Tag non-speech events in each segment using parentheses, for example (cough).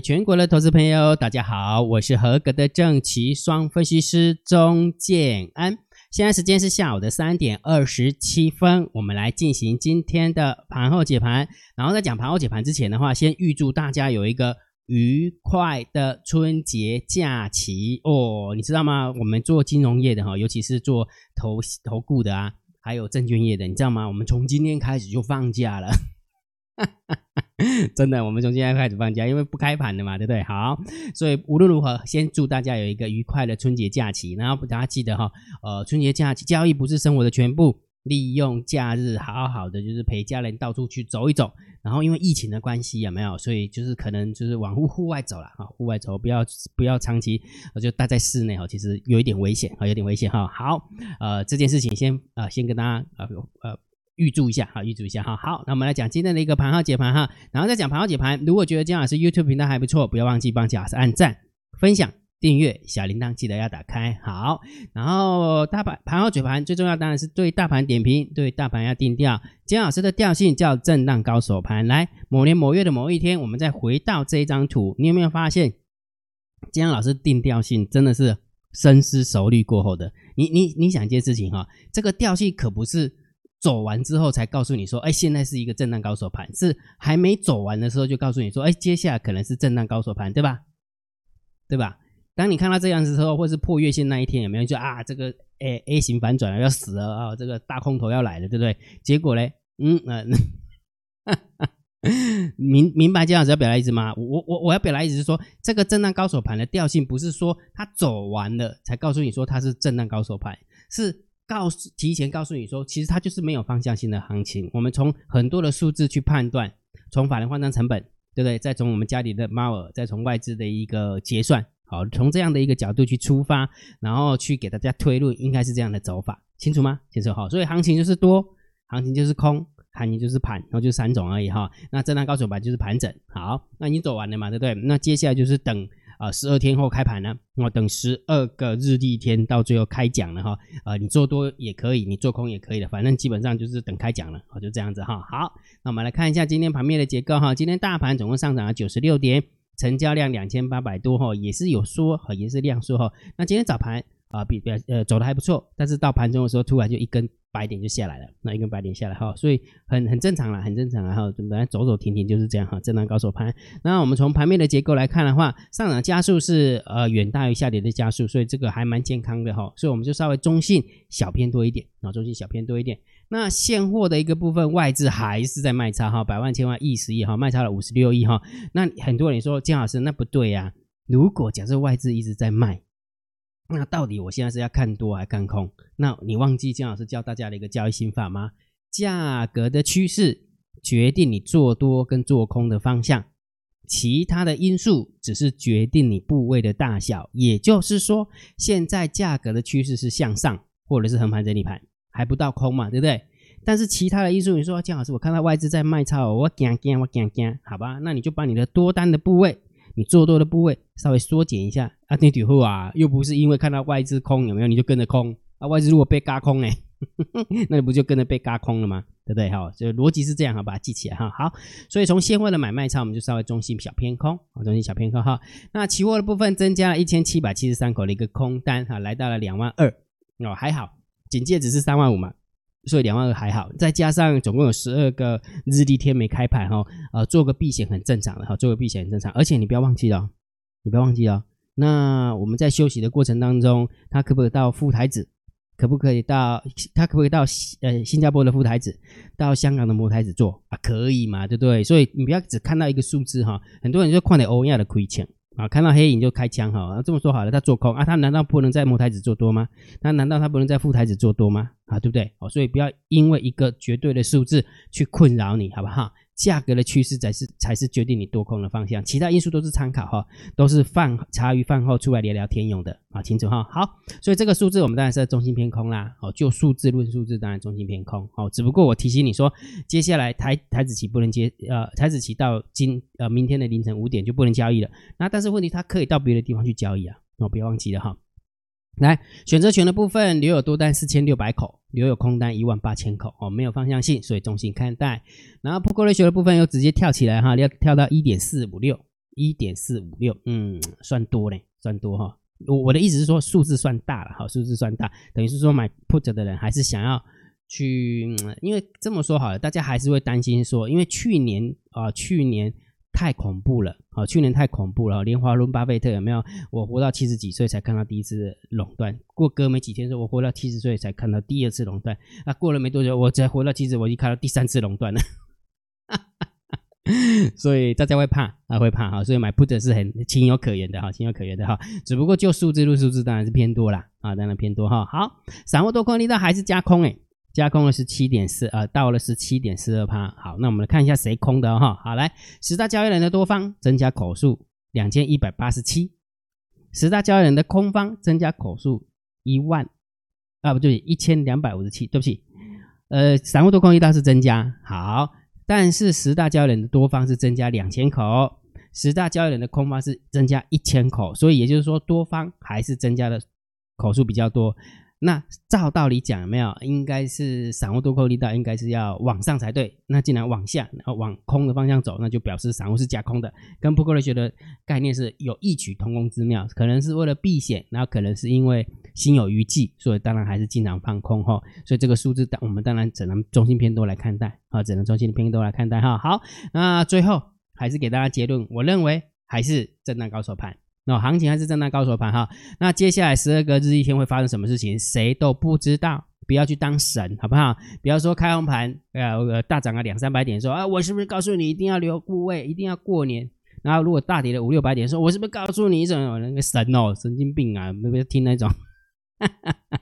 全國的投資朋友，大家好，我是合格的證期雙分析師鍾建安。現在時間是下午的三點二十七分，我們來進行今天的盤後解盤。然後在講盤後解盤之前的話，先預祝大家有一個愉快的春節假期哦。你知道嗎？我們做金融業的哈，尤其是做投投顧的啊，還有證券業的，你知道嗎？我們從今天開始就放假了。哈哈。 (laughs) 真的，我們從現在開始放假，因為不開盤的嘛，對不對？好，所以無論如何，先祝大家有一個愉快的春節假期。然後大家記得哈，呃，春節假期交易不是生活的全部，利用假日好好的就是陪家人到處去走一走。然後因為疫情的關係，有沒有？所以就是可能就是往戶戶外走了，戶外走不要不要長期我就待在室內哈，其實有一點危險，有點危險哈。好，呃，這件事情先啊、呃、先跟大家啊呃，呃。預祝一下哈，預祝一下哈。好，好，那我們來講今天的一個盤後解盤哈，然後再講盤後解盤。如果覺得江老師 YouTube 頻道還不錯，不要忘記幫姜老師按讚、分享、訂閱，小鈴鐺記得要打開。好，然後大盤盤後解盤最重要當然是對大盤點評，對大盤要定調。江老師的調性叫震盪高手盤。來，某年某月的某一天，我們再回到這一張圖，你有沒有發現，江老師定調性真的是深思熟慮過後的？你你你想一件事情哈，這個調性可不是。走完之後才告訴你說，哎、欸，現在是一個震盪高手盤，是還沒走完的時候就告訴你說，哎、欸，接下來可能是震盪高手盤，對吧？對吧？當你看到這樣子之後或是破月線那一天，有沒有就啊，這個哎、欸、A 型反轉了，要死了啊、哦，這個大空頭要來了，對不對？結果呢，嗯嗯、呃， (laughs) 明明白，這樣子要表達意思嗎？我我我要表達意思是說，這個震盪高手盤的調性不是說它走完了才告訴你說它是震盪高手盤，是。告訴提前告訴你說，其實它就是沒有方向性的行情。我們從很多的數字去判斷，從法人換倉成本，對不對？再從我們家裡的貓兒，再從外資的一個結算，好，從這樣的一個角度去出發，然後去給大家推論，應該是這樣的走法，清楚嗎？清楚好。所以行情就是多，行情就是空，行情就是盤，然後就三種而已哈。那這蕩高手盤就是盤整，好，那你走完了嘛，對不對？那接下來就是等。啊，十二天後開盤呢，我等十二個日曆天到最後開獎了哈，啊，你做多也可以，你做空也可以的，反正基本上就是等開獎了，啊，就這樣子哈。好，那我們來看一下今天盤面的結構哈，今天大盤總共上漲了九十六點，成交量兩千八百多哈，也是有縮哈，也是量縮哈。那今天早盤。啊，比比呃走得還不錯，但是到盤中的時候突然就一根白點就下來了，那一根白點下來哈、哦，所以很很正常啦很正常啦哈、哦，本來走走停停就是這樣哈，震盪高手盤。那我們從盤面的結構來看的話，上漲加速是呃遠大於下跌的加速，所以這個還蠻健康的哈、哦，所以我們就稍微中性小偏多一點啊、哦，中性小偏多一點。那現貨的一個部分，外資還是在賣差哈、哦，百萬千萬億十億哈賣差了五十六億哈、哦。那很多人說姜老師那不對呀、啊，如果假設外資一直在賣。那到底我現在是要看多還是看空？那你忘記鍾老師教大家的一個交易心法嗎？價格的趨勢決定你做多跟做空的方向，其他的因素只是決定你部位的大小。也就是說，現在價格的趨勢是向上或者是橫盤整理盤，還不到空嘛，對不對？但是其他的因素，你說鍾老師，我看到外資在賣超，我驚驚，我驚驚，好吧？那你就把你的多單的部位，你做多的部位稍微縮減一下啊，那以後啊，又不是因為看到外資空，有沒有，你就跟着空啊，外資如果被軋空呢？呵呵，那你不就跟着被軋空了嗎？對不對哈？哦、所以邏輯是這樣哈，把它記起來哈、哦。好，所以從現貨的買賣差，我們就稍微中性小偏空啊、哦，中性小偏空哈、哦。那期貨的部分增加了一千七百七十三口的一個空單哈、哦，來到了兩萬二哦，還好，警戒只是三萬五嘛。所以兩萬二還好，再加上總共有十二個日曆天沒開盤哈、哦，呃，做個避險很正常了哈，做個避險很正常。而且你不要忘記了，你不要忘記了，那我們在休息的過程當中，他可不可以到富台指？可不可以到？他可不可以到呃新加坡的富台指？到香港的摩台指做啊？可以嘛，對不對？所以你不要只看到一個數字哈、哦，很多人就看了歐亞的虧錢。啊，看到黑影就開槍哈！這麼說好了，他做空啊，他難道不能在摩台子做多嗎？他難道他不能在富台子做多嗎？啊，對不對？哦，所以不要因為一個絕對的數字去困擾你，好不好？價格的趨勢才是才是決定你多空的方向，其他因素都是參考哈、哦，都是飯茶餘飯後出來聊聊天用的啊，清楚哈、哦。好，所以這個數字我們當然是在中性偏空啦，好、哦，就數字論數字，當然中性偏空。好、哦，只不過我提醒你說，接下來台台指期不能接呃，台指期到今呃明天的凌晨五點就不能交易了。那但是問題，它可以到別的地方去交易啊，哦，不要忘記了哈、哦。來選擇權的部分留有多單四千六百口，留有空單一萬八千口哦，沒有方向性，所以中性看待。然後波段類學的部分又直接跳起來哈，要跳到一點四五六，一點四五六，嗯，算多嘞，算多哈。我我的意思是說數字算大了哈，數字算大，等於是說買 put 的人還是想要去，嗯，因為這麼說好了，大家還是會擔心說，因為去年啊，去年。太恐怖了，去年太恐怖了，連華倫巴菲特有沒有？我活到七十幾歲才看到第一次壟斷，過隔沒幾天說我活到七十歲才看到第二次壟斷，那、啊、過了沒多久我才活到七十，我已經看到第三次壟斷了。 (laughs) 所以大家會怕，他、啊、會怕哈，所以買 put 是很情有可原的哈，情有可原的哈，只不過就數字入數字當然是偏多啦。啊，當然偏多哈。好，散戶多空力道還是加空、欸加空的是十七點四，呃，到了是十七點四二趴。好，那我們來看一下誰空的哈、哦。好，來十大交易人的多方增加口數兩千一百八十七，十大交易人的空方增加口數一萬，啊不對，一千兩百五十七，對不起，呃，散戶多空一大是增加，好，但是十大交易人的多方是增加兩千口，十大交易人的空方是增加一千口，所以也就是說，多方還是增加的口數比較多。那照道理講，有沒有？應該是散戶多空力道應該是要往上才對。那既然往下，然後往空的方向走，那就表示散戶是假空的，跟布哥老師的概念是有異曲同工之妙。可能是為了避險，然後可能是因為心有餘悸，所以當然還是經常放空哈。所以這個數字，當我們當然只能中心偏多來看待啊，只能中心的偏多來看待哈。好，那最後還是給大家結論，我認為還是震盪高手盤。那、no, 行情還是震盪高手盤哈，那接下來十二個交易日會發生什麼事情？誰都不知道，不要去當神，好不好？比方說開紅盤，呃，大漲個兩三百點，說啊，我是不是告訴你一定要留部位，一定要過年？然後如果大跌了五六百點，說，我是不是告訴你一種那個神哦，神經病啊，不要聽那種。哈哈哈，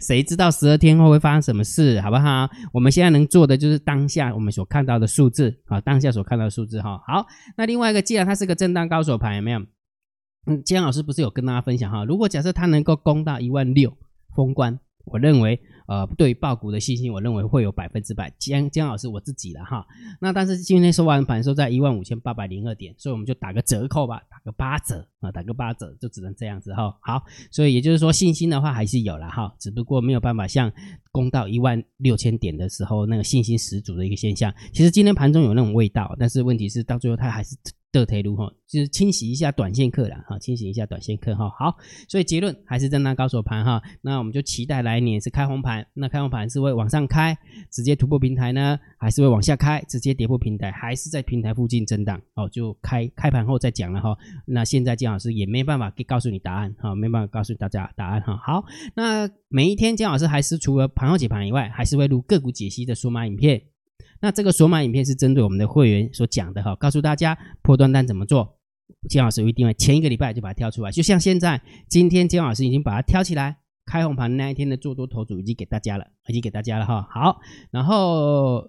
誰知道十二天後會發生什麼事，好不好？我們現在能做的就是當下我們所看到的數字啊，當下所看到的數字哈。好，那另外一個，既然它是個震盪高手盤，有沒有？嗯，姜老師不是有跟大家分享哈，如果假設它能夠攻到一萬六封關，我認為呃對於報股的信心，我認為會有百分之百。姜姜老師我自己了哈，那但是今天收完盤收在一萬五千八百零二點，所以我們就打個折扣吧，打個八折啊，打個八折，打個八折就只能這樣子哈。好，所以也就是說信心的話還是有了哈，只不過沒有辦法像攻到一萬六千點的時候那個信心十足的一個現象。其實今天盤中有那種味道，但是問題是到最後它還是。得台如哈，就是清洗一下短線客了哈，清洗一下短線客哈。好，所以結論還是在那高手盤哈。那我們就期待來年是開紅盤，那開紅盤是會往上開，直接突破平台呢，還是會往下開，直接跌破平台，還是在平台附近震盪？哦，就開開盤後再講了哈。那現在姜老師也沒辦法給告訴你答案哈，沒辦法告訴大家答案哈。好，好，那每一天姜老師還是除了盤後解盤以外，還是會錄個股解析的數碼影片。那這個索馬影片是針對我們的會員所講的哈，告訴大家波段單怎麼做。金老師一定會前一個禮拜就把它挑出來，就像現在，今天金老師已經把它挑起來，開紅盤那一天的做多投主已經給大家了，已經給大家了哈。好，然後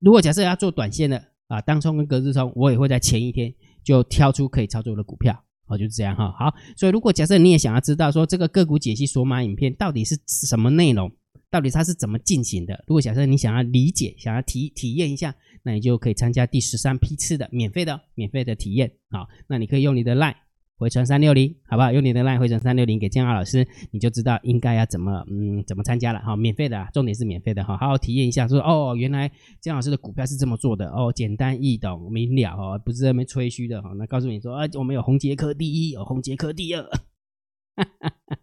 如果假設要做短線的啊，當衝跟隔日衝，我也會在前一天就挑出可以操作的股票。哦，就是這樣哈。好，所以如果假設你也想要知道說這個個股解析索馬影片到底是什麼內容？到底他是怎麼進行的？如果假設你想要理解，想要體體驗一下，那你就可以參加第十三批次的免費的免費的體驗。好，那你可以用你的 line 回傳三六零，好不好？用你的 line 回傳三六零給江浩老師，你就知道應該要怎麼嗯怎麼參加了。好，免費的，重點是免費的。好，好好體驗一下，說哦，原來江老師的股票是這麼做的哦，簡單易懂明了哦，不是在那吹噓的哈、哦。那告訴你說啊，我們有紅傑克第一，有紅傑克第二。哈哈哈。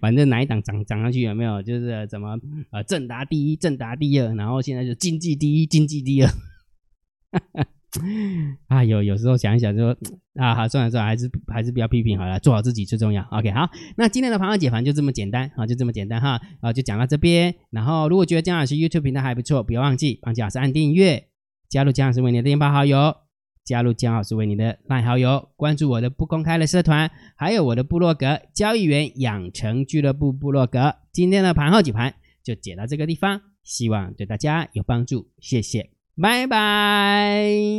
反正哪一檔漲漲上去有沒有？就是怎麼呃正達第一，正達第二，然後現在就經濟第一，經濟第二。啊、 (laughs) 哎，有有時候想一想說，說啊，好算了算了，還是還是不要批評好了，做好自己最重要。OK，好，那今天的盤後解盤就這麼簡單啊，就這麼簡單哈啊，就講到這邊。然後如果覺得江老師 YouTube 頻道還不錯，不要忘記幫江老師按訂閱，加入江老師為你的電報好友。加入江老師為你的賴好友，關注我的不公開的社團，還有我的部落格交易員養成俱樂部部落格。今天的盤後解盤就解到這個地方，希望對大家有幫助，謝謝，拜拜。